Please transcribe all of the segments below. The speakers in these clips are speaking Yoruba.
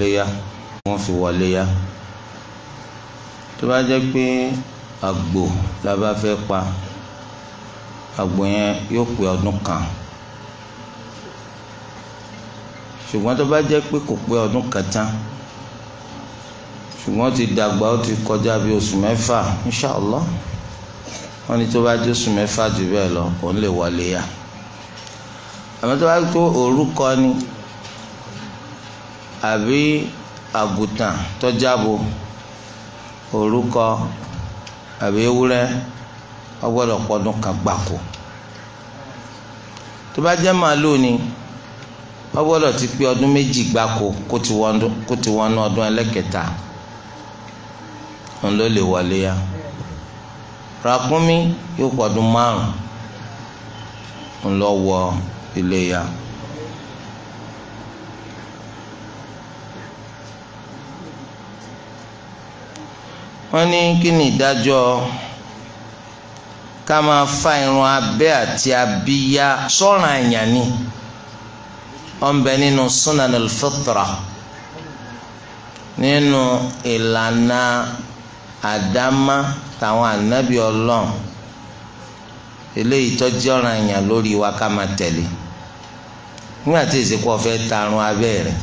léyà wọ́n fi wà léyà tó bá jẹ́ pé àgbò la bá fẹ́ pa àgbò yẹn yóò pé ọdún kan ṣùgbọ́n tó bá jẹ́ pé kò pé ọdún kan tán ṣùgbọ́n ó ti dàgbà ó ti kọjá bí oṣù mẹ́fà inṣàlá wọ́n ní tó bá jẹ́ oṣù mẹ́fà jù bẹ́ẹ̀ lọ òun lè wà léyà àmọ́ tó bá jẹ́ pé òru ni àbí àgùntàn tó jábo òrúkọ àbí ewúrẹ́ ó gbọ́dọ̀ pọdún kan gbàkó tó bá jẹ́ màálù ni ó gbọ́dọ̀ ti pé ọdún méjì gbáko kó ti wọnú ọdún ẹlẹ́kẹta òun ló lè wọlé ya ràkúnmí yóò pọdún márùn-ún òun lọ wọ ilé ya. wọ́n ní kí ni ìdájọ́ ká máa fa irun abẹ́ àti abíyá sọ́ràn àyàn ni ọ̀nbẹ nínú sunan al-fitra nínú ìlànà àdámá táwọn ànábì ọlọ́run eléyìí tọ́jú ọ̀ràn àyàn lórí wa ká máa tẹ̀lé nígbà tí èsì pọ̀ fẹ́ tarun abẹ́ rẹ̀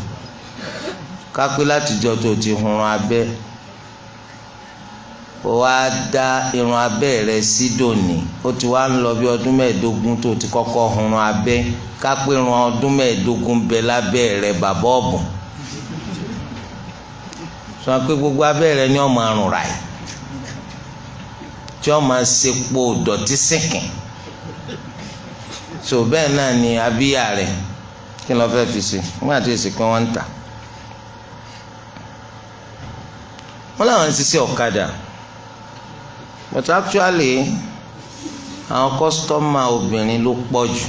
kápẹ́ látijọ́ tó ti hun abẹ́ kó wá da irun abẹ́ rẹ̀ sí dòní ó ti wá ń lọ bí ọdún mẹ́ẹ̀ẹ́dógún tó ti kọ́kọ́ hunrun irun ọdún mẹ́ẹ̀ẹ́dógún bẹ lábẹ́ rẹ̀ bàbá sọ pé gbogbo abẹ́ rẹ̀ ni ọmọ àrùn rà yìí tí ọmọ sepo so bẹẹ náà ni abíyá rẹ̀ kí ló fi si nígbà tí èsì kan wọ́n ń tà but actually àwọn kọ́sítọ́mà obìnrin ló pọ̀ jù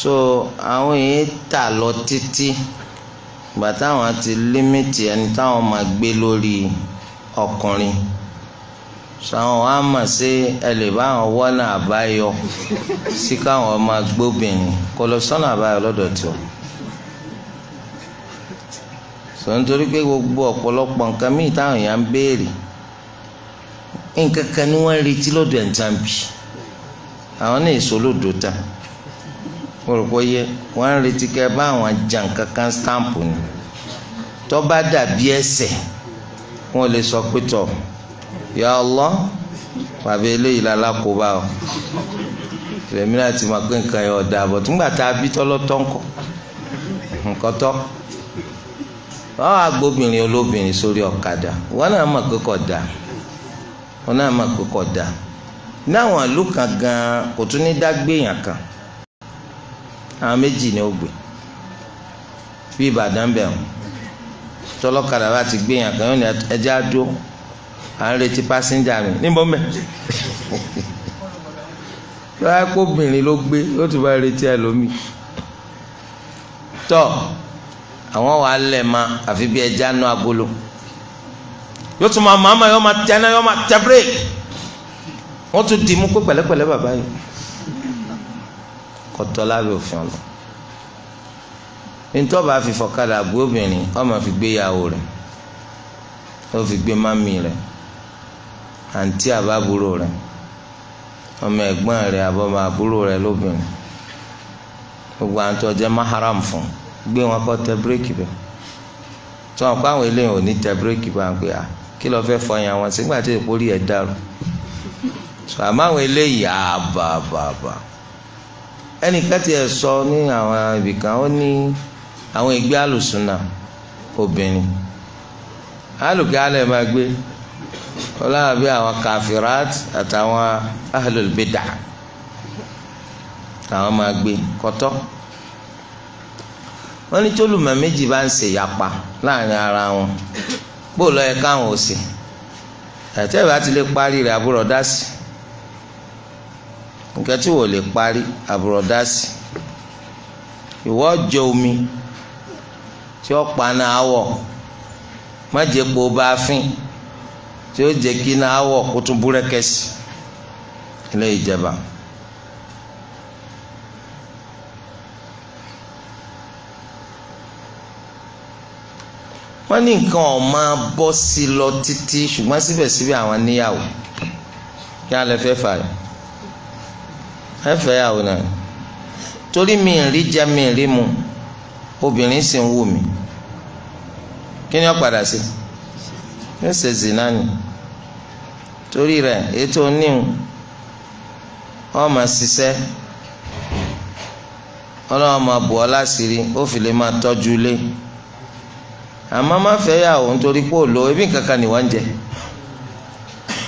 so àwọn yìí tà lọ títí ìgbà táwọn ti límìtì ẹni táwọn máa gbé lórí ọkùnrin sàwọn wa mọ̀ sí ẹ lè bá àwọn wọ́nà àbáyọ sí káwọn máa gbóbìnrin kò lọ sọ́nà àbáyọ lọ́dọ̀ tí o sọ nítorí pé gbogbo ọ̀pọ̀lọpọ̀ nǹkan míì táwọn èèyàn ń béèrè. So, nǹkan kan ni wọ́n ń retí lọ́dọ̀ ẹ̀ńtàǹbì àwọn náà èso lòdò ta wọ́n rò pé yẹ wọ́n ń retí kẹ́ bá àwọn jàn kankan stamp ni tó bá dàbí ẹsẹ̀ wọ́n lè sọ pé tọ̀ ya Allah bàbá eléyìí lálá kó bá ọ tèmi náà ti mọ pé nǹkan yẹn ọ̀dà àbọ̀ túngbà tá a bí tọ́lọ́tọ́ ńkọ nǹkan tọ́ wọ́n á olóbìnrin sórí ọ̀kadà wọ́n náà mọ̀ pé kò dáa wọn náà máa pé kódà náwọn àlù kan gan kò tún ní dá kan àwọn méjì ni ó gbé bí Ìbàdàn bẹ̀ wọn tọlọ́kadà bá ti gbéyàn kan yóò ní ẹjẹ́ àdó à ń retí pásíńjà mi níbo mẹ́ lọ́wọ́ pé ló gbé yóò tún bá retí ẹlòmíì tọ́ àwọn wàá lẹ̀ ma àfi bí ẹja nú agolo. yóò tún máa màmá yóò máa tẹ́ná yóò máa tẹ́ bírèkì wọ́n tún dì mú pé pẹ̀lẹ́pẹ̀lẹ́ bàbá yìí kọ́tọ́ lábẹ́ òfin ọ̀nà ntọ́ba fi obìnrin ọmọ fi gbé yàwó rẹ̀ ó fi gbé mami rẹ̀ àǹtí àbábúrò rẹ̀ ọmọ ẹ̀gbọ́n rẹ̀ àbọ̀mọ àbúrò rẹ̀ lóbìnrin gbogbo àǹtọ́ maharam fún gbé wọn kọ́ tẹ bírèkì bẹ́ẹ̀ tí wọn kọ́ àwọn eléyìí ò tẹ ń pè kí lọ́ọ́ fẹ́ fọyín àwọn sígbà tí èèpo rí ẹ̀ dàrú so àmọ́ àwọn eléyìí àbàbàbà ẹnìkan ti ẹ̀ sọ ní àwọn ibìkan ó ní àwọn ìgbé àlùsùnà obìnrin alùpùpù alẹ́ máa gbé ọlọ́run àwọn kàfìrát àtàwọn ahlul bid'ah àwọn máa gbé kọ́tọ́ wọ́n ní tólùmọ̀ méjì bá ń ṣèyapa láàrin ara wọn bó lọ yẹ káwọn ò sí ẹtẹ ìbá ti lè parí rẹ̀ àbúrò dá sí nǹkan tí wò lè parí àbúrò dá sí ìwọ jẹ omi tí ó pa náà wọ má jẹ kó o bá fín tí ó jẹ kí náà wọ kó tún búrẹ́kẹ́sì ilé ìjẹba. wọ́n ní nǹkan ọ̀ bọ́ sí lọ títí ṣùgbọ́n síbẹ̀síbẹ̀ àwọn níyàwó kí alẹ́ fẹ́ fà yìí ẹ fẹ́ yàwó náà torí mi ì rí mi mu obìnrin sì ń wù mí kí ni ó padà sí yóò ṣe ni torí ọ máa ṣiṣẹ́ ọlọ́wọ́ máa bù ọ́ láṣìírí ó fi àmọ́ má fẹ́ yàwó nítorí pé ebi kankan ni wà ń jẹ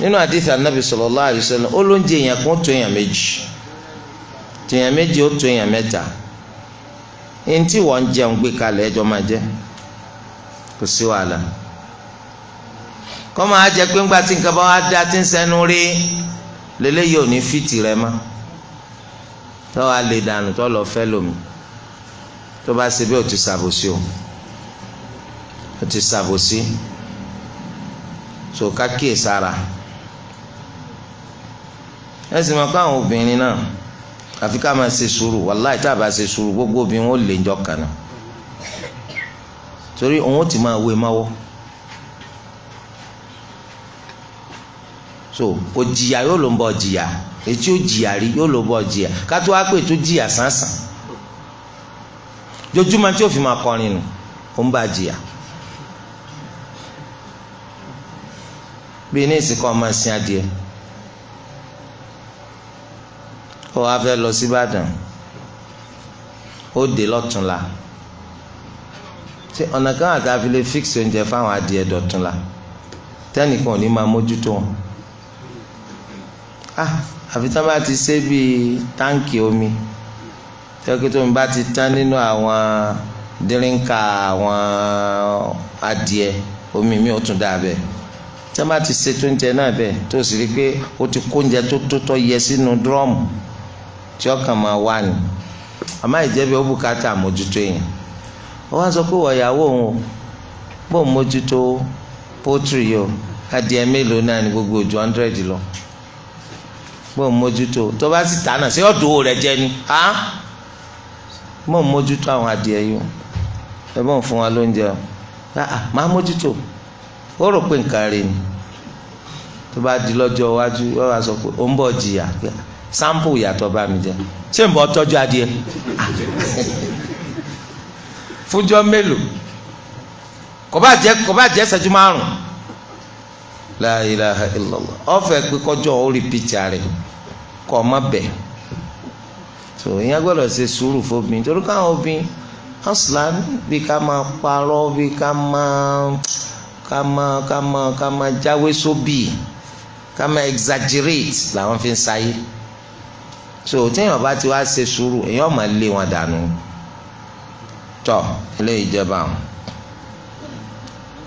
nínú àdìsí anabi sallallahu alaihi wasallam ó ló èèyàn kan tó èèyàn méjì tèèyàn méjì ó tó èèyàn mẹ́ta ẹni tí wọ́n jẹun gbé kalẹ̀ ẹjọ́ máa jẹ kò sí wàhálà kọ́ máa pé ńgbà tí nǹkan bá wá dá tí ń sẹ́nu rí lélẹ́yìí ò fìtì rẹ mọ́ dànù tọ́ lọ fẹ́ lómi tó bá ṣe bí o. àti ṣàbòsí so kákìí sára ẹ sì máa kó àwọn obìnrin náà àfi ká máa ṣe sùúrù wàláì tá a bá ṣe sùúrù gbogbo obìnrin ó lè jọ kànáà torí òun ti máa wé máwọ́ so kò jìyà yóò ló ń bọ jìyà etí ó jìyà rí yóò ló ń bọ jìyà kátó wá pé tó jìyà sánsan jojúmọ́ tí ó fi máa kọrin nù ó ń bá jìyà. bí ní ìsìnkú ọmọ sin adìẹ ó wá fẹ́ lọ sí Ìbàdàn ó dé lọ́túnla ṣé ọ̀nà kan àti àfilẹ̀ fix oúnjẹ fáwọn adìẹ dọ̀túnla tẹ́nìkan ò ní máa mójútó wọn ah àfi tí wọ́n bá ti ṣe bíi táǹkì omi tẹ́kí tómi bá ti tán nínú àwọn dírínkà àwọn adìẹ omi mi ò tún dáa bẹ́ẹ̀ tí wọ́n bá ti ṣètò oúnjẹ náà bẹ́ẹ̀ tó sì rí i pé ó ti kó oúnjẹ tó tó tọ́ yẹ sínú dúrọ́ọ̀mù tí ọkàn máa wà ní àmọ́ ìjẹ́bi ó bùkátà àmójútó yẹn ó wá sọ pé wọ̀yàwó òun o bó mójútó poultry yìí o adìẹ mélòó náà ní gbogbo ojú hundred lọ bó mójútó tó bá sì tánà sí ọ̀dọ̀ rẹ̀ jẹ́ ni á bó mójútó àwọn adìẹ yìí o ẹ bó ń fún wa lóúnjẹ o máa mójútó ó rò pé nǹkan rẹ̀ ni tó bá di lọ́jọ́ iwájú wọ́n wá sọ pé ó ń bọ̀ jìyà pé sampo ìyàtọ̀ bá mi jẹ ṣé n bọ̀ tọ́jú adìẹ fúnjọ́ mélòó kò bá jẹ́ kò bá jẹ́ ṣẹ́jú márùn la ilaha illallah ọ̀fẹ́ pé kọjọ́ ó rí pìtì rẹ̀ kọ́ ọmọ bẹ̀ tó ìyẹn gbọ́dọ̀ ṣe sùúrù fóbìn torí káwọn obìn aslan bí ká máa parọ́ bí ká máa ká máa ká máa ká máa jáwé sóbì ká máa exaggerate làwọn fi ń sáyé so téèyàn bá ti wá ṣe sùúrù èèyàn máa lé wọn dànù tọ eléyìí jẹba àwọn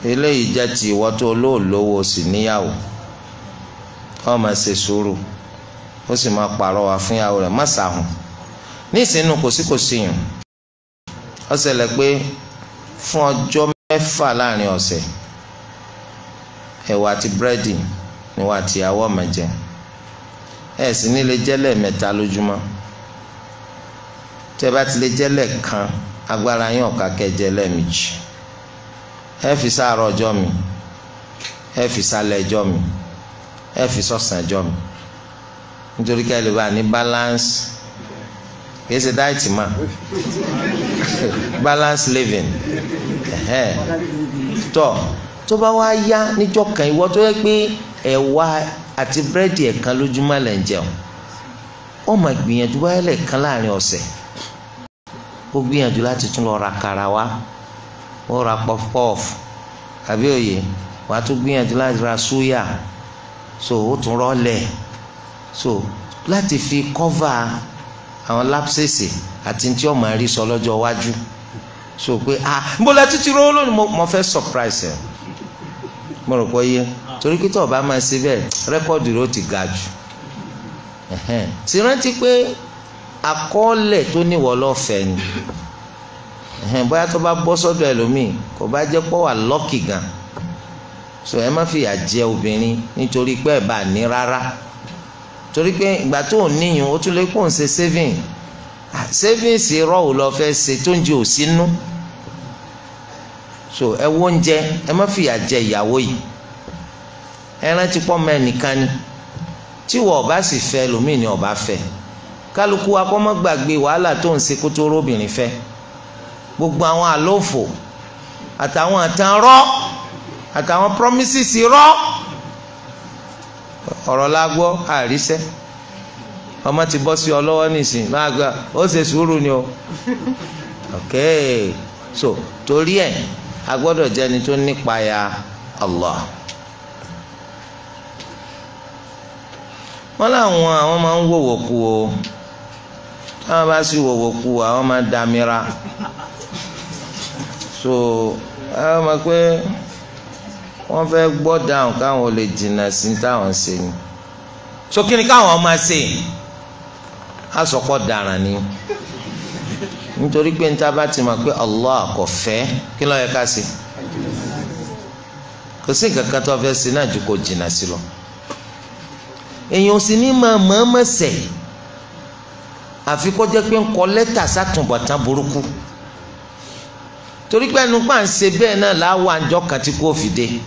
eléyìí jẹ ti ìwọ tó olóòlówó sì níyàwó ọ máa ṣe sùúrù ó sì máa pàrọwà fún ìyàwó rẹ̀ má sàhùn ní ìsinú kòsíkòsí yùn ó ṣẹlẹ̀ pé fún ọjọ́ mẹ́fà láàrin ọ̀sẹ̀ ẹ̀wà àti búrẹ́dì ni wọ́n àti jẹ ẹ sì ní lè jẹ lẹ́ẹ̀mẹ́ta lójúmọ́ tẹ́ bá ti lè jẹ kan agbára yín ọ̀ka kẹjẹ lẹ́ẹ̀mejì ẹ fi sáàárọ̀ mi ẹ fi mi ẹ fi mi nítorí ká ní balance kìí ṣe dáìtì mà tó bá wá yá níjọ́ kan ìwọ tó yẹ pé ẹ̀wà àti búrẹ́dì ẹ̀kan lójúmọ́ lẹ̀ ń jẹun ó máa gbìyànjú báyìí lẹ́ẹ̀kan láàrin ọ̀sẹ̀ ó gbìyànjú láti tún lọ ra kàrà wá ó ra pọfupọf àbí òye wàá tún gbìyànjú láti ra súyà so ó tún rọ́ọ̀lẹ̀ so láti fi kọ́va àwọn lápsẹ̀sì àti tí ó máa rí sọ lọ́jọ́ iwájú so pé ah ń bọ́lá títí rọ́ lónìí mo fẹ́ surprise ẹ̀ mo rò pé yé torí kí tó o bá máa ṣe bẹ́ẹ̀ rẹ́kọ́ọ̀dù rẹ ó ti ga jù sì rántí pé àkọọ́lẹ̀ tó níwọ̀ lọ́fẹ̀ẹ́ ni bóyá tó bá bọ́ sọ́dọ̀ ẹlòmíì kò bá jẹ́ pọ́ wà lọ́kì gan so ẹ má fìyà jẹ obìnrin nítorí pé ẹ bá ní rárá torí pé ìgbà tó níyùn ó tún lè kó ń ṣe saving ah, savings rọ́ọ̀ lọ fẹ́ ṣe tó ń jẹ òsínú so ẹ wo oúnjẹ ẹ má fìyà jẹ ìyàwó yìí ẹ rántí pọ́ mọ́ ẹnìkan ni tí wọ́n ọba sì fẹ́ lómi ni ọba fẹ́ kálukú akọ́mọ́gbàgbé wàhálà tó ń ṣe kó tó róbìnrin fẹ́ gbogbo àwọn àlófò àtàwọn àtàn rọ́ àtàwọn promises rọ́ ọ̀rọ̀ la gbọ́ àríṣẹ́ ọmọ ti bọ́ sí ọ lọ́wọ́ nìsín máa gba ó ṣe sùúrù ni o ok so torí ẹ̀ a gbọ́dọ̀ jẹ́ ẹni tó nípayà Allah. wọ́n láwọn àwọn máa ń wòwò ku o táwọn bá sì wòwò ku àwọn máa dàmíra so àwọn máa pé wọ́n fẹ́ gbọ́ dáhùn káwọn ò lè jìnnà sí táwọn ṣe ni so kí ni káwọn máa ṣe àsọpọ̀ dàrán ni. nítorí pé níta bá ti mọ̀ pé Allah kò kí si yẹ ká sí kò sí nǹkan si tó fẹ́ sí náà ju kò jìnnà sí lọ èèyàn sì ní máa mọ̀ọ́mọ̀ ṣẹ̀ àfi kó jẹ́ pé ń kọ lẹ́tà sátúnbọ̀tán burúkú torí pé ẹnu ń ṣe bẹ́ẹ̀ náà àjọ kan tí kò fìdé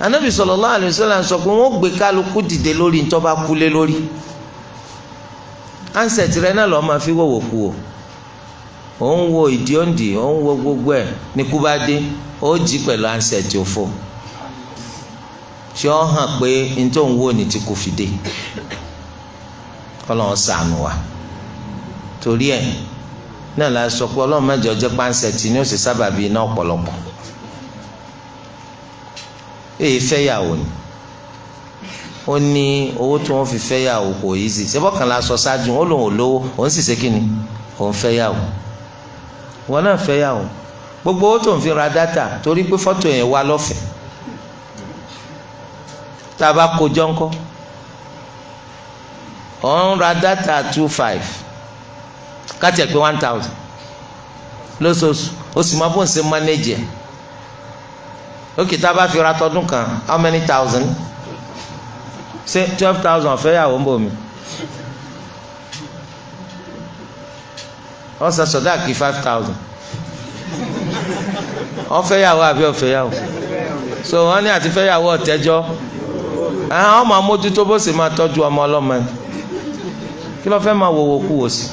anabi sọlọ pé gbé kálukú dìde lórí handset rẹ náà lọ́ọ́ máa fi wọwọ kú o ò ń wo ìdí òǹdì ò ń wo gbogbo ẹ̀ ní kú bá dé ó jí pẹ̀lú handset òfo ọ hàn pé tó ti kò sànù wa torí ẹ̀ náà la sọ pé ni ó sábàbí iná ọ̀pọ̀lọpọ̀ èyí ó ní owó tí wọ́n fi fẹ́ yàwó kò yí sí ṣé bọ́kàn la sọ ṣáájú ó lòun ò lówó òun sì ṣe kí ni òun fẹ́ yàwó wọn náà fẹ́ yàwó gbogbo owó tó ń fi ra dátà torí pé fọ́tò yẹn wà lọ́fẹ̀ẹ́ tá a bá kó jọ́ńkọ́ òun ra dátà two five káti ẹ̀ pé one thousand lóṣooṣù ó sì máa bó ń ṣe manage ẹ̀ ó tá a bá fi ra tọdún kan how many thousand. say twelve thousand fẹ́yàwó ń bò mí ọ san five thousand ọ o. àbí ọ so wọ́n ní àti fẹ́yàwó ọ̀tẹ́jọ́ àwọn ọmọ amójútó bó sì máa tọ́jú ọmọ ọlọ́mọ ẹ̀ kí ló fẹ́ máa wò kú wò sí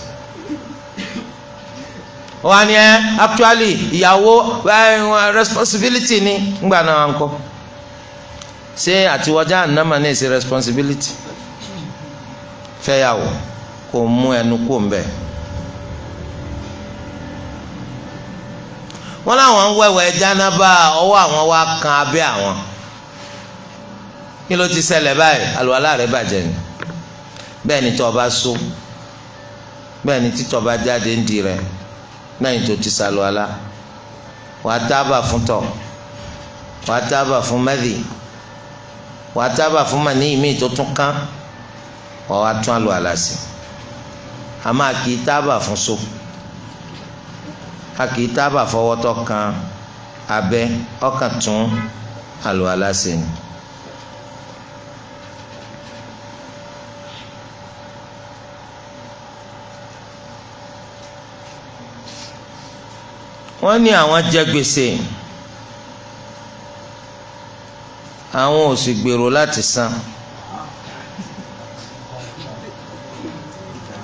wọ́n á ní ẹ́ actually ìyàwó responsibility ni ńgbà náà ń kọ́. ṣé àtiwọjá ànámà náà ṣe responsibility fẹ́yàwó kò mú ẹnu kó ń bẹ̀. wọ́n láwọn ń wẹ̀wẹ̀ jánábà ọwọ́ àwọn wá kan abẹ́ àwọn kí ló ti ṣẹlẹ̀ báyìí àlùwàlá rẹ̀ bàjẹ́ ni bẹ́ẹ̀ ni tọ́ bá so bẹ́ẹ̀ ni títọ́ bá jáde ń di rẹ̀ lẹ́yìn tó ti ṣàlùwàlá wàá tábà fún tọ̀ wàá tábà fún mẹ́rin wàá tábà fún màníyì míì tó tún kán wàá wá tún àlọ́ àlàsì a máa kì í tábà fún so a kì í tábà fọwọ́ kan abẹ́ ọkàn tún àlọ́ àlàsì ni. wọ́n ní àwọn jẹ gbèsè. àwọn ò sì gbèrò láti san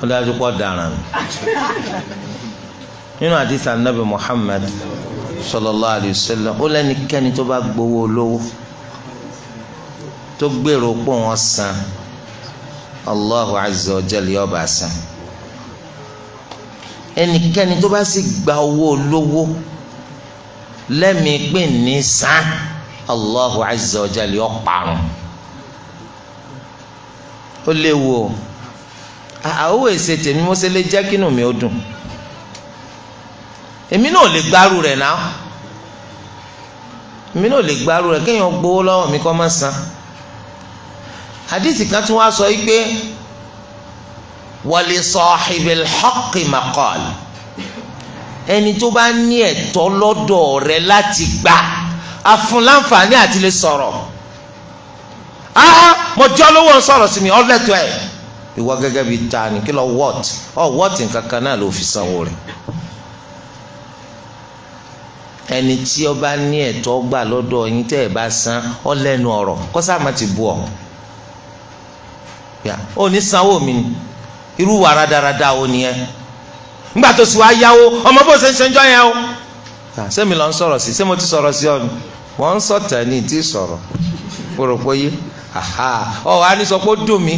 ó dájú pọ̀ dáràn nínú àdìsá nàbì Muhammad sallallahu alayhi wa sallam ó lẹ́nikẹ́ni tó bá gbowó olówó tó gbèrò pọ̀ wọ́n san Allahu azza wa jalla yóò san ẹnikẹ́ni tó bá sì gba owó olówó lẹ́mìí pé ní san. Allahu azza wa jalla yọ parun ó léwu o àwọ èsè tèmi mo ṣe lè jẹ́ kínú mi ó dùn èmi náà lè gbárù rẹ̀ náà èmi náà lè gbárù rẹ̀ kéèyàn gbowó lọ́wọ́ mi kọ́ máa san àdìsí kan tí wọ́n sọ yìí pé wa li sahibil haqqi maqal ẹni tó bá ní ẹ̀tọ́ lọ́dọ̀ rẹ̀ láti gbà. afúnláǹfààní àti le sọ̀rọ̀ ah mo jọ́ lówó ń sí mi ọ̀lẹ́tọ̀ ẹ̀ ìwọ gẹ́gẹ́ bi ta ni kí lọ ọ wọt nǹkan kan náà ló fi sanwó rẹ̀ ẹni tí bá ní eto gbà lọdọ yín tẹ́ ẹ̀ bá san ọ lẹ́nu ọ̀rọ̀ ma ti bu ọ̀ ò ní sanwó mi iru irú wa radarada ò ní ẹ nígbà tó sì yáwó ọmọ bó ṣe ń ṣe ń jọ yẹn o sẹ́mi lọ ń sọ̀rọ̀ sí sẹ́mi wọ́n ń sọ̀tẹ̀ ní ìtì sọ̀rọ̀ kó rò pé yé ọ wà ní sọ pé ó dùn mí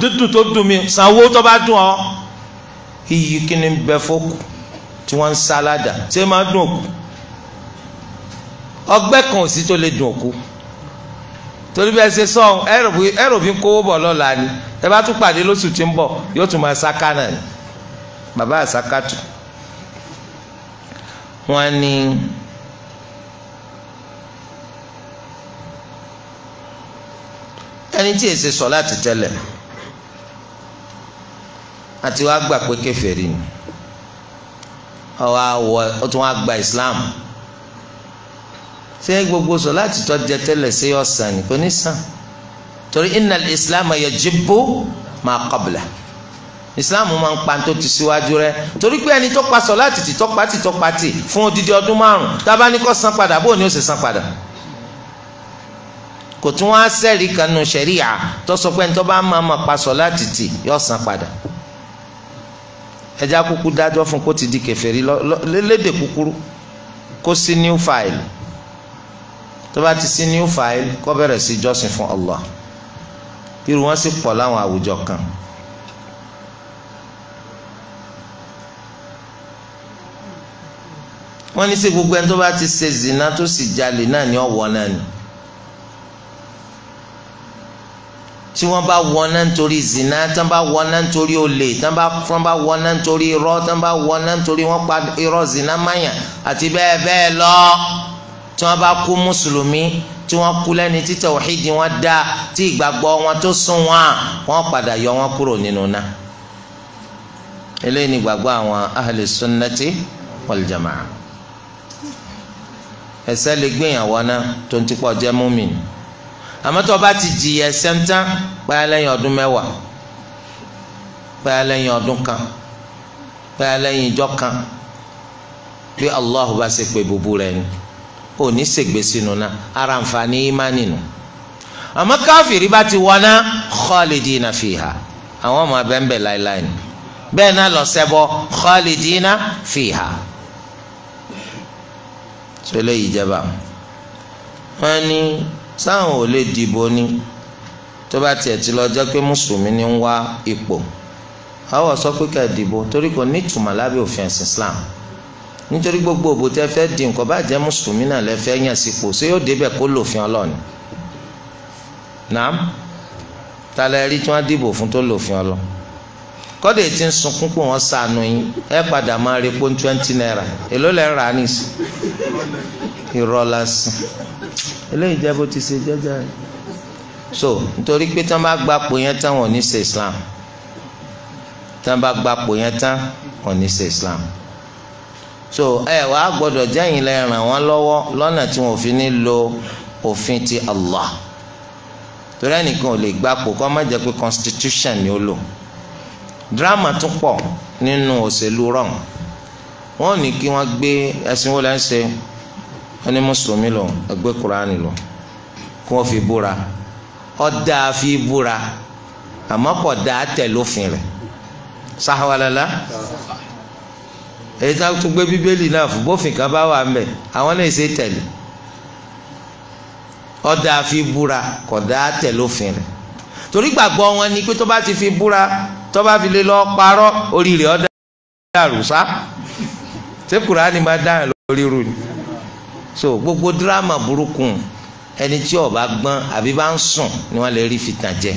dúdùn tó dùn mí sanwó tó bá dùn ọ iyì kí ni bẹ fókù tí wọ́n ń sáládà ṣé máa dùn òkú ọgbẹ́ kan ò sí tó lè dùn òkú torí bí ẹ ṣe sọ ẹrọ̀bí ń kówó bọ̀ lọ́la ni ẹ bá tún pàdé lóṣù tí ń bọ̀ yóò tún máa ṣáká náà ni bàbá àṣàkàtù wọ́n ní. ẹni tí èsì sọ láti tẹ́lẹ̀ àti wàá gbà pé kèfèrí ni ọwọ́ àwọ̀ ó tún wàá gba Islam ṣé gbogbo sọ láti tọ́ jẹ tẹ́lẹ̀ sí ọ̀sán ni kò ní sàn torí innal Islam yajibu ma qabla Islam máa ń pa tó ti síwájú rẹ̀ torí pé ẹni tó pa sọ láti tìtọ́pá tìtọ́pá tì fún odidi ọdún márùn-ún san padà bóun ni ó sì san padà kò tún wá sẹ́ẹ̀rí kanu ṣẹ̀ríà tó sọ pé nítorí bá máa ma pa sọ láti tì yóò san padà ẹja kúkú dájọ́ fún kó ti di kèfèrí lédè kúkúrú kó sí new file tó bá ti sí new file kó bẹ̀rẹ̀ sí jọ́sìn fún Allah irú wọn sì pọ̀ láwọn àwùjọ kan. wọ́n ní sí gbogbo ẹni tó bá ti ṣe zina tó sì jalè náà ní ọ̀wọ́ náà ni. Owo, tí wọ́n bá wọná nítorí zina tí wọ́n bá wọná nítorí olè tí wọ́n bá wọná nítorí irọ́ tí wọ́n bá wọná nítorí wọ́n pa irọ́ zina mayàn àti bẹ́ẹ̀ bẹ́ẹ̀ lọ tí wọ́n bá kú mùsùlùmí tí wọ́n kú lẹ́ni tí tẹ̀wọ́hídìí wọn dá tí ìgbàgbọ́ wọn tó sún wọn wọ́n padà yọ wọn kúrò nínú náà eléyìí ni gbàgbọ́ àwọn ahli sunnati wal jamaa ẹ̀ṣẹ̀ lè gbìyànwọ́ náà tó ń tipọ̀ jẹ́ múmin àmọ́ bá ti jìyà ẹ̀ṣẹ̀ ń tán báyà lẹ́yìn ọdún mẹ́wàá báyà lẹ́yìn ọdún kan báyà lẹ́yìn ìjọ kan bí Allah bá ṣe pé bùbú rẹ ni ò ní ṣègbè sínú náà ara àǹfààní ìmánì nù àmọ́ káfíìrì bá ti wọná khalidina fiha àwọn ọmọ abẹ́ńbẹ̀ láéláé ni bẹ́ẹ̀ náà lọ sẹ́bọ̀ khalidina fiha ṣẹlẹ̀ yìí jẹba wọn ni sáwọn ò lè dìbò ni tó bá tiẹ̀ ti lọ jẹ́ pé mùsùlùmí ni ń wá ipò àwọ̀ sọ pé ká dìbò torí kò ní ìtumọ̀ lábẹ́ òfin ẹ̀sìn Islam nítorí gbogbo òbò tẹ́ fẹ́ di nǹkan bá jẹ́ mùsùlùmí náà lẹ́ fẹ́ yàn sípò ṣé yóò débẹ̀ kó lòfin ọlọ́ọ̀ni nàám talẹ̀ rí tí wọ́n dìbò fún tó lòfin ọlọ́ kọ́dé tí ń sunkún pé wọ́n sànù yín ẹ padà máa rí pọ́n twenty naira èló lẹ́ rà á nìsí eléyìí jẹ́ bó ti ṣe jẹ́jẹ́ rẹ̀ so nítorí pé tí wọ́n bá gba po yẹn tán wọ́n ní ṣe islam tí wọ́n bá gba po yẹn tán wọ́n ní ṣe islam so ẹ wàá gbọ́dọ̀ jẹyìn lẹ ràn wọ́n lọ́wọ́ lọ́nà tí wọ́n fi ní lo òfin ti Allah torí ẹnìkan ò lè gba po kó má jẹ́ pé constitution ni ó lò drama tún pọ̀ nínú òṣèlú rọm wọ́n ní kí wọ́n gbé ẹ̀sìn wọlé ń ṣe wọ́n ní mùsùlùmí lò ẹgbẹ́ kuraani lò kí wọ́n fi búra ọ̀dà fi búra àmọ́ kò dá tẹ̀lófin rẹ̀ sáwalala èyí tá a tún gbé bíbélì náà fún bófin kan bá wà mbẹ àwọn náà ṣe tẹ̀lé ọ̀dà fi búra kò dá tẹ̀lófin rẹ̀ torí gbàgbọ́ wọn ni pé tó bá ti fi búra tó bá fi lè lọ parọ́ oríire ọ̀dà dàrú sá ṣé kùránì máa dáhùn lórí rú ni so gbogbo dírámà burúkú ẹni tí ó bá gbọ́n àbí bá ń sùn ni wọ́n lè rí fìtàn jẹ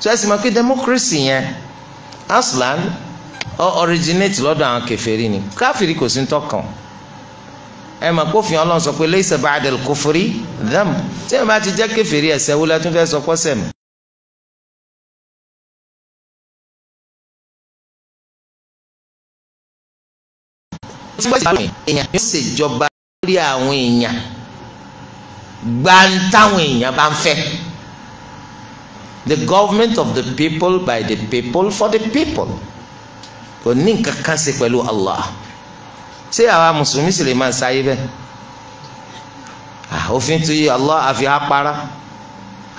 so ẹ sì mọ̀ pé democracy yẹn aslan ọ originate lọ́dọ̀ àwọn kèfèrí ni káfíìrì kò sí ń tọkàn ẹ mà kófin Ọlọ́run sọ pé laysa ba'dal kufri dam tí ẹ bá ti jẹ́ kèfèrí ẹ̀ṣẹ̀ wo la tún fẹ́ sọ pọ́sẹ̀ mi. èèyàn yóò ṣèjọba lórí àwọn èèyàn gba táwọn èèyàn bá ń fẹ́ the government of the people by the people for the people kò ní nǹkan kan ṣe pẹ̀lú Allah ṣé àwa mùsùlùmí sì lè máa ṣayé bẹ́ẹ̀ òfin tún yí Allah àfi apara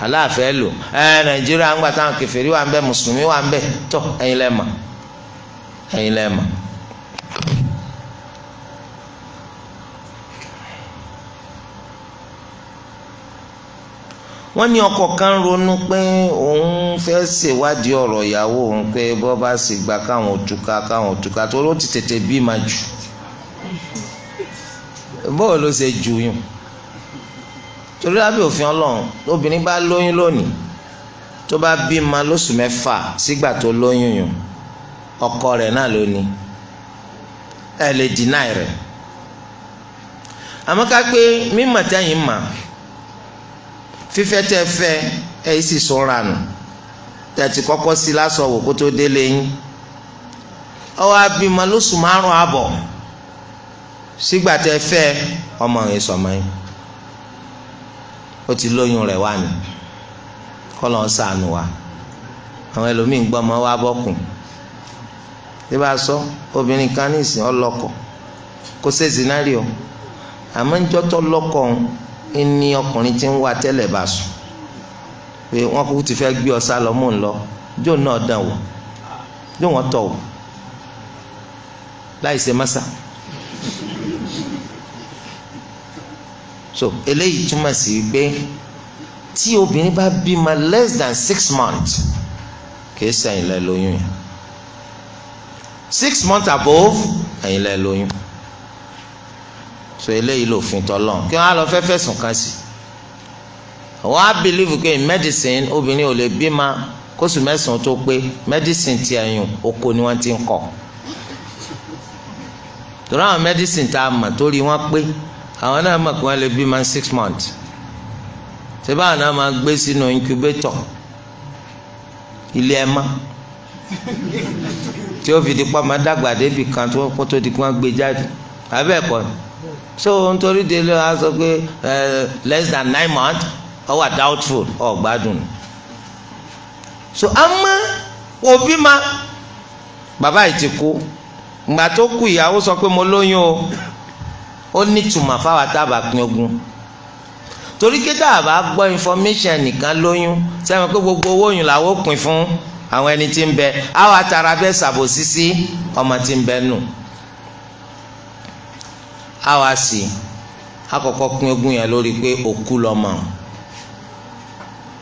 aláàfẹ́ lò ẹ Nàìjíríà ń gbà táwọn kèfèrí wà ń bẹ mùsùlùmí wà ń bẹ tọ ẹ̀yin lẹ́ẹ̀mọ̀ ẹ̀yin lẹ́ẹ̀mọ̀. wọ́n ní ọkọ kan ronú pé òun fẹ́ ṣèwádìí ọ̀rọ̀ ìyàwó òun pé bọ́ bá sì gba káwọn òtúka káwọn òtúka torí ó ti tètè bí ma jù bóò ló ṣe jù yùn torí lábẹ́ òfin ọlọ́run obìnrin bá lóyún lónìí tó bá bí ma lóṣù mẹ́fà sígbà tó lóyún yùn ọkọ rẹ̀ náà ló ní ẹ lè dínà rẹ̀ àmọ́ ká pé mímọ̀ tẹ́yìn mọ̀ fífẹ́ tẹ fẹ́ ẹ yìí sì sọra nù tẹ̀tì kọ́kọ́ sí lásán wò kó tó délé yín ọwọ́ abimọ lóṣù márùn-ún àbọ̀ sígbà tẹ fẹ́ ọmọ yẹn sọmọ yẹn ó ti lóyún rẹ̀ wá ni kọ́lọ̀ ń sànù wa àwọn ẹlòmíì ń gbọ́ ọmọ wa bọ́kùn bí bá a sọ obìnrin kan ní ìsìn ọlọ́kọ kó ṣe zinari o àmọ́ ń jọ́tọ̀ lọ́kọ̀ ọ̀hún ní ọkùnrin tí ń wá tẹ́lẹ̀ bá sùn pé wọ́n kúkú ti fẹ́ gbé ọ sá lọ mò ń lọ jóò náà dàn wò jóò wọ́n tọ̀ wò láì ṣe mọ́sà so eléyìí túmọ̀ sí pé tí obìnrin bá bímọ less than six months kì í ṣe ẹ̀yin lóyún yẹn six months above ẹ̀yin lẹ lóyún so eléyìí lòfin tọlọ kí wọn á lọ fẹ́ fẹ̀sùn kàn sí wọn á bìlíìfù pé mẹdísìn obìnrin ò lè bímọ kóṣù mẹ́sàn-án tó pé mẹdísìn ti ẹ̀yìn oko ni wọ́n ti ń kọ torí àwọn mẹdísìn tá a mọ̀ torí wọ́n pé àwọn náà mọ̀ pé wọ́n lè bímọ six months ṣé báwọn náà máa gbé sínú incubator ilé ẹ mọ́ tí ó fi di pa máa dàgbà débi kan tó kó tó di kí wọ́n gbé jáde abẹ́ ẹ̀kọ́ ni so nítorí délé wa sọ pé less than nine months ọ wà doubtful ọ gbádùn so àmọ́ òbí ma bàbá yìí ti kú ìgbà tó kú ìyàwó sọ pé mo lóyún o ó ní ìtumọ̀ fáwọn tábà pín torí kéka àbá gbọ́ information nìkan lóyún sẹ́wọ̀n pé gbogbo owó yìí làwọn ó pín fún àwọn ẹni tí ń bẹ àwọn àtàrà bẹ́ẹ̀ ṣàbòsí sí ọmọ tí ń bẹ nù. No á wá sí i àkọ́kọ́ pín ogún yẹn lórí pé òkú lọ́mọ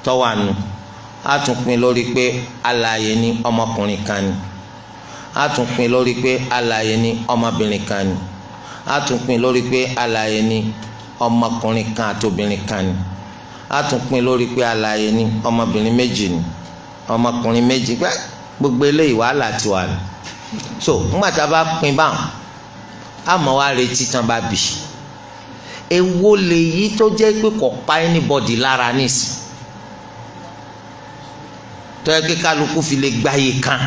tọ́wánu á tún pín lórí pé alààyè ni ọmọkùnrin kan ni á tún pín lórí pé alààyè ni ọmọbìnrin kan ni á tún pín lórí pé alààyè ni ọmọkùnrin kan àti obìnrin kan ni á tún pín lórí pé alààyè ni ọmọbìnrin méjì ni ọmọkùnrin méjì gbogbo eléyìí wàhálà tiwa ni so ńgbà tá a bá pín báwọn àmọ́ wá retí tán bá bì èwo lè yí tó jẹ́ pé kò pa anybody lára nísìn tó yẹ kí kálukú fi lè gba iye kan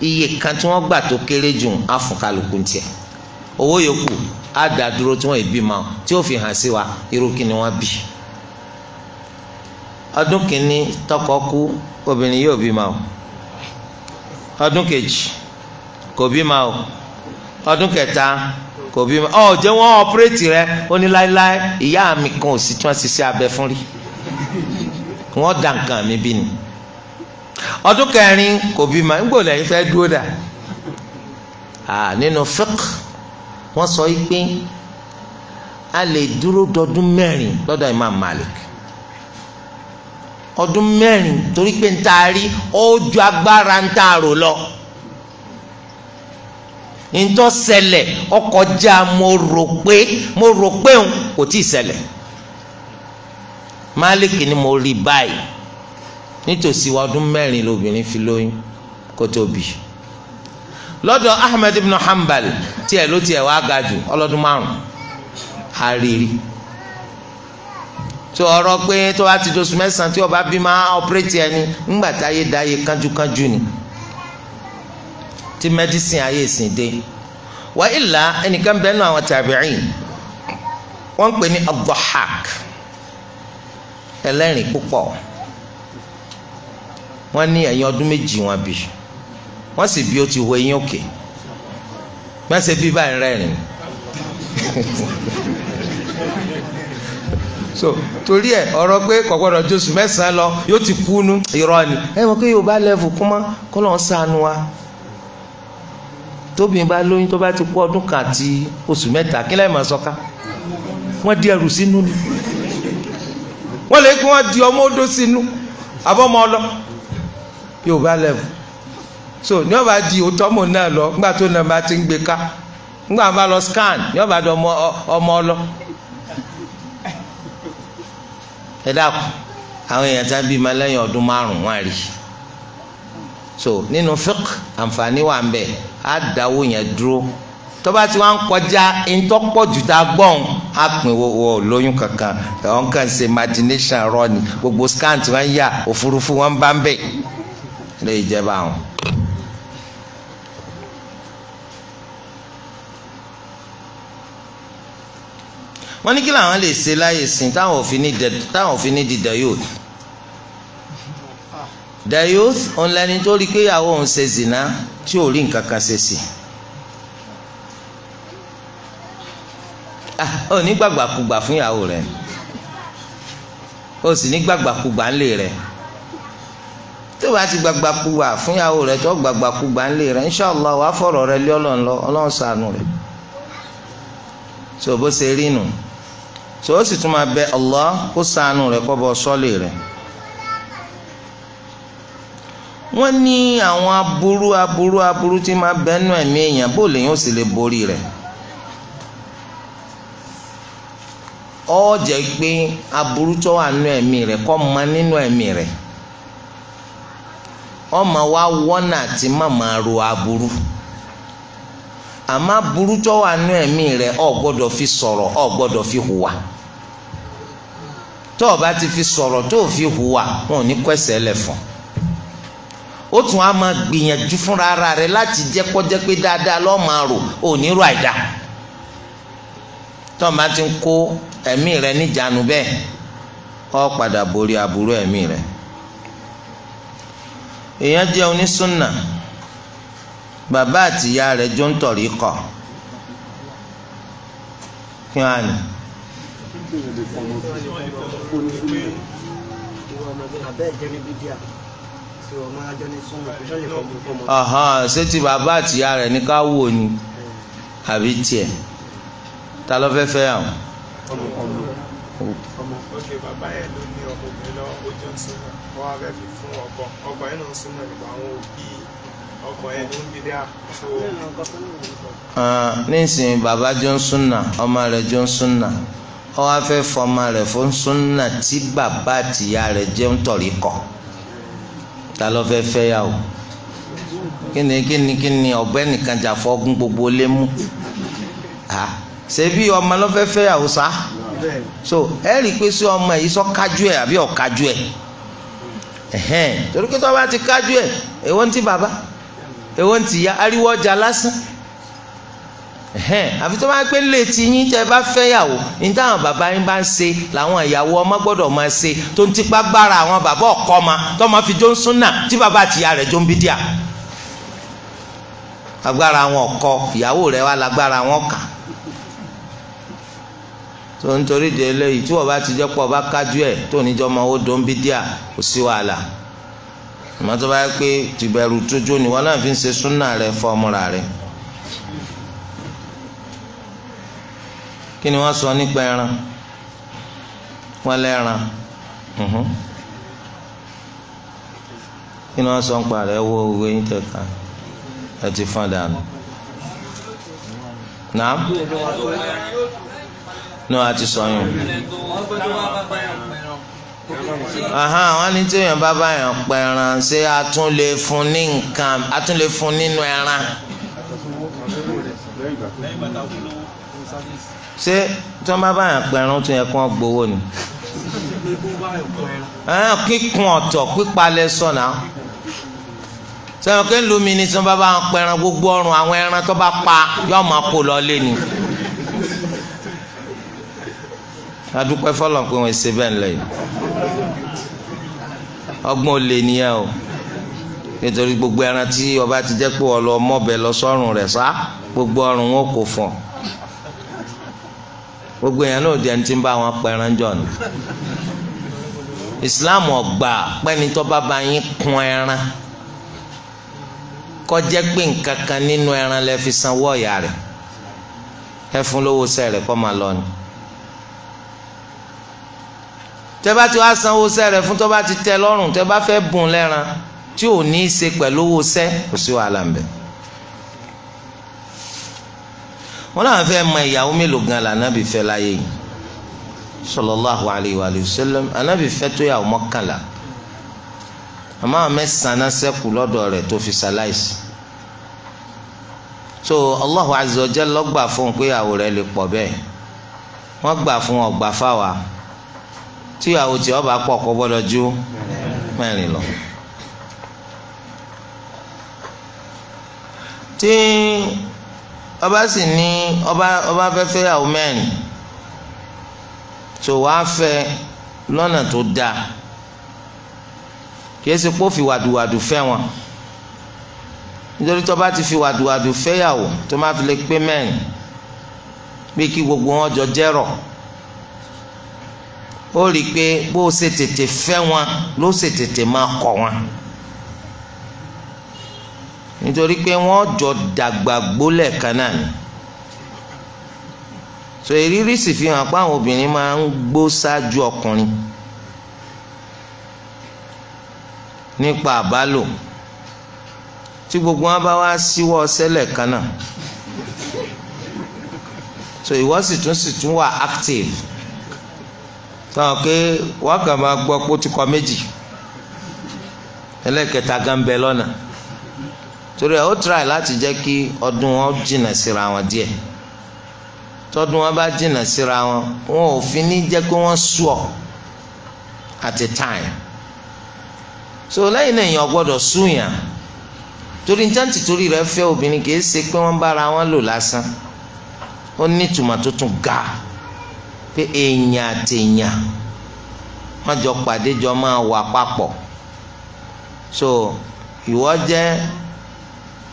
iye kan tí wọ́n gbà tó kéré jù á fún kálukú tiẹ̀ owó yòókù á dá dúró tí wọ́n ìbí ma tí ó fi hàn sí wa irú kí ni wọ́n bí ọdún kìíní tọkọ kú obìnrin yóò bí ma ọdún kejì kò bí ma o ọdún kẹta kò bí ọ jẹ́ wọ́n ọ̀pẹ́rẹ́tì rẹ ó ní láéláé ìyá mi kan ò sì tí wọ́n abẹ fún rí wọ́n dà nǹkan mi bí ni ọdún kẹrin kò bí ma ńgbò lẹ́yìn fẹ́ dúró dà nínú fiqh wọ́n sọ yìí pé a lè dúró dọdún mẹ́rin lọ́dọ̀ Imam Malik ọdún mẹ́rin torí pé ń taari ó ju agbára ń taaro lọ ntọ́ ṣẹlẹ̀ ọkọjá mo rò pé mo rò pé òun kò tí ì ṣẹlẹ̀ Malik ni mo rí báyìí nítòsí ọdún mẹ́rin lobìnrin fi lóyún kó tó lọ́dọ̀ Ahmed ibn Hanbal tiẹ̀ ló tiẹ̀ wá ga jù ọlọ́dún márùn-ún àrírí tó ọ̀rọ̀ pé tó bá ti dosùn mẹ́sàn-án tí ọba bí máa ẹni ńgbà táyé dáyé kánjúkánjú ni. Kanju, tí mẹdísìn ayé ìsìn dé wà ìlà ẹnìkan bẹ́ẹ̀ nù àwọn tàbíìn wọ́n ń pè ní abdulhaq ẹlẹ́rìn púpọ̀ wọ́n ní ẹ̀yìn ọdún méjì wọn bí wọ́n sì bí ó ti wọ eyín òkè mẹ́sẹ̀ bí báyìí rẹ́rìn so torí ẹ ọ̀rọ̀ pé kò gbọ́dọ̀ jósù mẹ́sàn-án lọ yóò ti kú nu irọ́ ni ẹ mọ̀ pé yorùbá lẹ́vù kúmọ́ kọ́ lọ́n sànù wa tóbìnrin bá lóyún tó bá ti kú ọdún kan àti oṣù mẹ́ta kí lẹ́yìn máa sọ́ka wọ́n di ẹrù sínú ni wọ́n lè kí wọ́n di ọmọ odó sínú abọ́mọ ọlọ yóò bá lẹ́wọ̀ so ní ọba di òtọ́mọ náà lọ nígbà tó náà bá ti ń gbé ká nígbà bá lọ scan ní ọba di ọmọ ọlọ ẹ dákun àwọn èèyàn tá bí ma lẹ́yìn ọdún márùn-ún wá rí i so nínú fiqh àǹfààní wa ń bẹ á dáwó yẹn dúró tó bá ti ń kọjá ntọ́pọ̀jù tá a gbọ́n á pin wo wo lóyún kankan ọ̀hún kan ṣe imagination rọ ni gbogbo scan tí wọ́n yà òfurufú wọn bá ń bẹ̀ lè jẹba àwọn. wọ́n ní kí làwọn lè ṣe láyè sìn táwọn òfin ní dídà yóò dayus ọ̀nlẹ́ni tó rí i pé ìyàwó òun ṣe zina tí ò rí nǹkan kan ṣe sí. Ah, ó ní gbàgbàkúgbà fún ìyàwó rẹ̀ ó sì ní gbàgbàkúgbà ńlé rẹ̀ tó bá ti gbàgbàkúgbà fún ìyàwó rẹ̀ tó gbàgbàkúgbà ńlé rẹ̀ inṣàlá wàá fọ̀rọ̀ rẹ̀ lé ọlọ́run lọ ọlọ́run ṣàánú rẹ̀ tó bó ṣe rí nù tó o sì tún máa bẹ Allah kó ṣàánú rẹ̀ kó bọ́ sọ́lé rẹ̀ wọ́n ní àwọn aburú aburú aburú tí máa bẹnu ẹ̀mí èèyàn bó lèyìn ó sì lè borí rẹ̀ ó jẹ́ pé aburú tó wà nínú ẹ̀mí rẹ̀ kó mọ nínú ẹ̀mí rẹ̀ ọmọ wa wọ́nà àti màmá ro aburú àmọ́ aburú tó wà nínú ẹ̀mí rẹ̀ ò gbọ́dọ̀ fi sọ̀rọ̀ ò gbọ́dọ̀ fi hùwà tó o bá ti fi sọ̀rọ̀ tó o fi hùwà wọn ò ní kọ́ ẹsẹ̀ lẹ̀ ó tún á máa gbìyànjú fúnra ara rẹ láti jẹ́ kọjá pé dáadáa lọ́ọ́ máa rò ò ní rò àìdá tó máa ti ń kó ẹ̀mí rẹ níjànú bẹ́ẹ̀ ọ padà borí aburú ẹ̀mí rẹ èèyàn jẹ́ onísùnnà bàbá àtìyá rẹ̀ jọ ń tọ̀rí kọ̀ kí wọ́n á nì. Thank you ṣé ti bàbá àtìyá rẹ̀ ní ká wò ni àbí tiẹ̀ ta ló fẹ́ fẹ́ àwọn. òkè bàbá yẹn ló ní ọkùnrin lọ ojú ń sinmi wọn abẹ́ fi fún ọkọ ọkọ yẹn náà ń sinmi nípa àwọn òbí ọkọ yẹn ló ń bí dáa tó. nísìnyí bàbá Johnson náà ọmọ rẹ̀ Johnson náà ó wá fẹ́ fọmọ rẹ̀ fún Sunna tí bàbá àtìyá rẹ̀ jẹ́ ń tọ̀rí kọ́ ta ló fẹ́ fẹ́ yà o kíni kíni kíni ọ̀bẹ nìkan jà fọ́gún gbogbo lé mú ha ṣebí ọmọ ló fẹ́ fẹ́ yà o sá so ẹ rí i pé sí ọmọ yìí sọ kájú ẹ àbí ọ̀kájú ẹ ẹ̀hẹ́n torí pé tó bá ti kájú ẹ èwo ń ti bàbá èwo ń ti ya ariwo ọjà lásán àfi tó bá pé létí yín tẹ́ bá fẹ́ yàwó ní táwọn bàbá yín bá ń ṣe làwọn ìyàwó ọmọ gbọ́dọ̀ máa ṣe tó ń tipa gbára àwọn bàbá ọkọ ma tó máa fi jó ń súnà tí bàbá àtìyá rẹ̀ jó ń bí díà agbára àwọn ọkọ ìyàwó rẹ̀ wà lágbára àwọn kà tó ń torí de eléyìí tí wọ́n bá ti jẹ́ pọ̀ bá kájú ẹ̀ tó níjọ́ ọmọ owó dó ń bí díà kò sí wàhálà àmọ́ tó bá yẹ pé tìbẹ̀rù tójó ni wọ́n náà fi ń ṣe súnà rẹ̀ fọ́ ọmọ rà rẹ̀. kí ni wọ́n sọ nípa ẹran wọ́n lẹ́ran kí ni wọ́n sọ nípa rẹ̀ wọ owó yín tẹ̀ka ẹ ti fọ́n dànù. Naam nù àti sọyún. Aha wọn ní tí èèyàn bá bá èèyàn pẹran ṣé a lè fún nínú ẹran ṣé tí wọ́n bá bá yàn pẹ̀rún tó yẹ kó wọ́n gbowó ni. kíkun ọ̀tọ̀ pípalẹ̀ sọ̀nà sọ̀rọ̀ kí n lu mi ni tí wọ́n bá bá yàn pẹ̀rún gbogbo ọrùn àwọn ẹran tó bá pa yóò máa kó lọ lé ni. adúpẹ́ fọlọ́ pé wọ́n ṣe bẹ́ẹ̀ lẹ́yìn ọgbọ́n olè nìyẹn o nítorí gbogbo ẹran tí ọba ti jẹ́ pé ọlọ́mọbẹ lọ sọ́run rẹ̀ sá gbogbo ọrùn wọn kò fọ̀ gbogbo èèyàn náà di ẹni tí ń bá wọn pẹran jọ ni islam ọgbà pẹ́ni tó bá bá yín kun ẹran kọjá pé nǹkan kan nínú ẹran lẹ fi sanwó ọ̀yà rẹ̀ ẹ fún lówó sẹ́rẹ̀ kọ́ máa lọ ni tẹ́bá ti wá sanwó sẹ́rẹ̀ fún tọ́ba ti tẹ́ lọ́rùn tẹ́bá fẹ́ bùn lẹ́ran tí ò ní í ṣe pẹ̀lú owó sẹ́ kò sí wàhálà ń bẹ. wọn làwọn fẹ́ mọ ìyàwó mélòó gan la anabi fẹ́ láyé yìí sallallahu alayhi wa sallam anabi fẹ́ tó yàwó mọ́kànlá àmọ́ àwọn mẹ́sàn-án sẹ́kù lọ́dọ̀ rẹ̀ tó fi ṣaláìsì so Allahu azza wa jalla lọ́gbà fún un pé ìyàwó rẹ̀ lè pọ̀ bẹ́ẹ̀ wọ́n gbà fún ọgbà fáwa tí ìyàwó tí ọba pọ̀ kọ́ gbọ́dọ̀ ju mẹ́rin lọ. tí ọba sì ní ọba ọba fẹ́ fẹ́ yàwó mẹ́rin tó wàá fẹ́ lọ́nà tó dáa kìí ṣe pọ́ fi wàdùwàdù fẹ́ wọn nítorí tó bá ti fi wàdùwàdù fẹ́ yàwó tó má fi lè pé mẹ́rin bí kí gbogbo wọn jọ jẹ́rọ̀ ó rí i pé bó o ṣe tètè fẹ́ wọn ló ṣe tètè máa kọ̀ wọn nítorí pé wọ́n jọ dàgbà gbólẹ̀ kan náà ni so ìrírí sì fi hàn pé àwọn obìnrin máa ń gbó ṣáájú ọkùnrin nípa àbálò tí gbogbo wọn bá wá síwọ́ sẹ́lẹ̀ kan náà so ìwọ sì tún sì tún wà active táwọn pé wọ́n kàn máa gbọ́ pé ó ti kọ méjì ẹlẹ́kẹta gan bẹ lọ́nà. torí ẹ ó try láti jẹ́ kí ọdún wọn jìnnà síra wọn díẹ̀ tọdún wọn bá jìnnà síra wọn wọn ò fi ní jẹ́ kí wọ́n sú at a time so lẹ́yìn náà èèyàn gbọ́dọ̀ tori torí ti torí rẹ̀ fẹ́ obìnrin kì í ṣe pé wọ́n bára wọn lò lásán ó ní ìtumọ̀ tó tún ga pé èèyàn àtèèyàn wọ́n jọ pàdé jọ máa wà papọ̀ so ìwọ jẹ́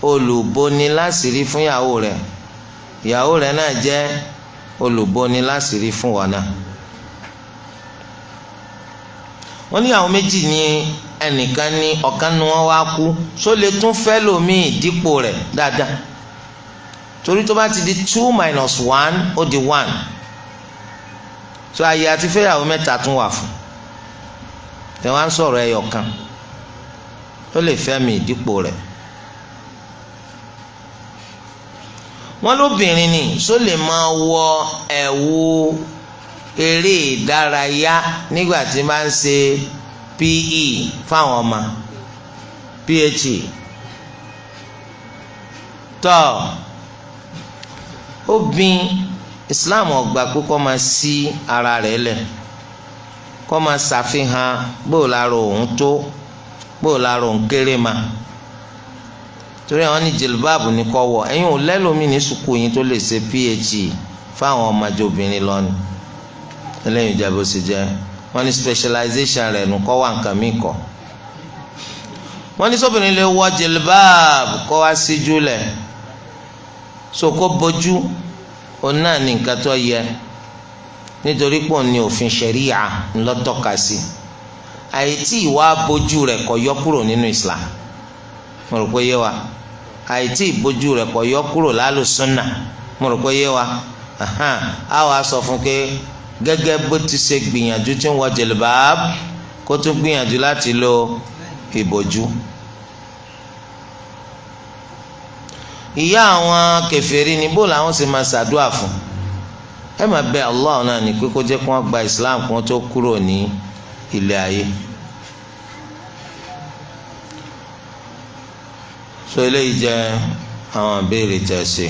olùboni láṣìírí fún ìyàwó rẹ̀ ìyàwó rẹ̀ náà jẹ́ olùboni láṣìírí fún wọn náà. wọ́n ní àwọn méjì ní ẹnìkan ní ọ̀kan ni wọ́n wá kú só lè tún fẹ́ lòmíì dípò rẹ̀ dáadáa torí tó bá ti di two minus one ó di one so àyè àti fẹ́yàwó mẹ́ta tún wà fún tẹ̀wọ́n á sọ̀rọ̀ ẹyọ kan lè fẹ́ mi dípò wọn lóbìnrin ni só lè máa wọ ẹ̀wù eré ìdárayá nígbà tí máa ń ṣe pe fáwọn ọmọ phe tọ obìn islam ọgbà pé kọ́ máa sí ara rẹ̀ lẹ̀ kọ́ máa ṣàfihàn bó o lára tó bó o lára kéré máa torí àwọn ní jìlbáàbù ní kọ́ wọ̀ ẹ̀yin ò lẹ́lòmíì ní sùkúù yín tó lè ṣe phd fáwọn ọmọdé obìnrin lọ́nìí eléyìí jẹ́ bó ṣe jẹ́ wọ́n ní specialization rẹ̀ nù kọ́ wà nǹkan mí kọ́ wọ́n ní sóbìnrin lè wọ jìlbáàbù kọ́ wá síjú lẹ̀ sòkò bojú òun náà ní nǹkan tó yẹ nítorí pé òun ní òfin ṣẹ̀ríà ńlọ́tọ́ka sí àyè tí ìwà bojú rẹ̀ kọ́ yọ kúrò nínú Islam mo rò pé yé wa àìtí ìbójú rẹ̀ kò yọ kúrò lálùsùnà mo rò pé yé wa a wà sọ fún pé gẹ́gẹ́ bó ti ṣe gbìyànjú tí ń wọ jìlbáàb kó tún gbìyànjú láti lo ìbòjú. ìyá àwọn kèfèrí ni bó làwọn sì máa ṣàdúà fún ẹ máa bẹ Allah náà ní pé kó jẹ́ kó wọ́n gba Islam kó wọ́n tó kúrò ní ilé ayé. so eléyìí jẹ́ àwọn ìbéèrè tẹ̀sí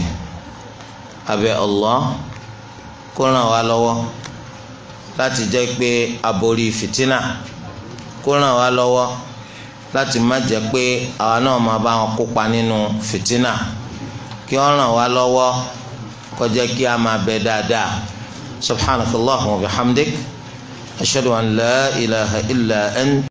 abẹ́ Allah kó ràn wá lọ́wọ́ láti jẹ́ pé aborí fìtínà kó ràn wá lọ́wọ́ láti má jẹ́ pé àwa náà máa bá wọn kópa nínú fìtínà kí ó ràn wá lọ́wọ́ kó kí a máa bẹ dáadáa subhanakallahumma wa bihamdik ashhadu an la ilaha illa ant.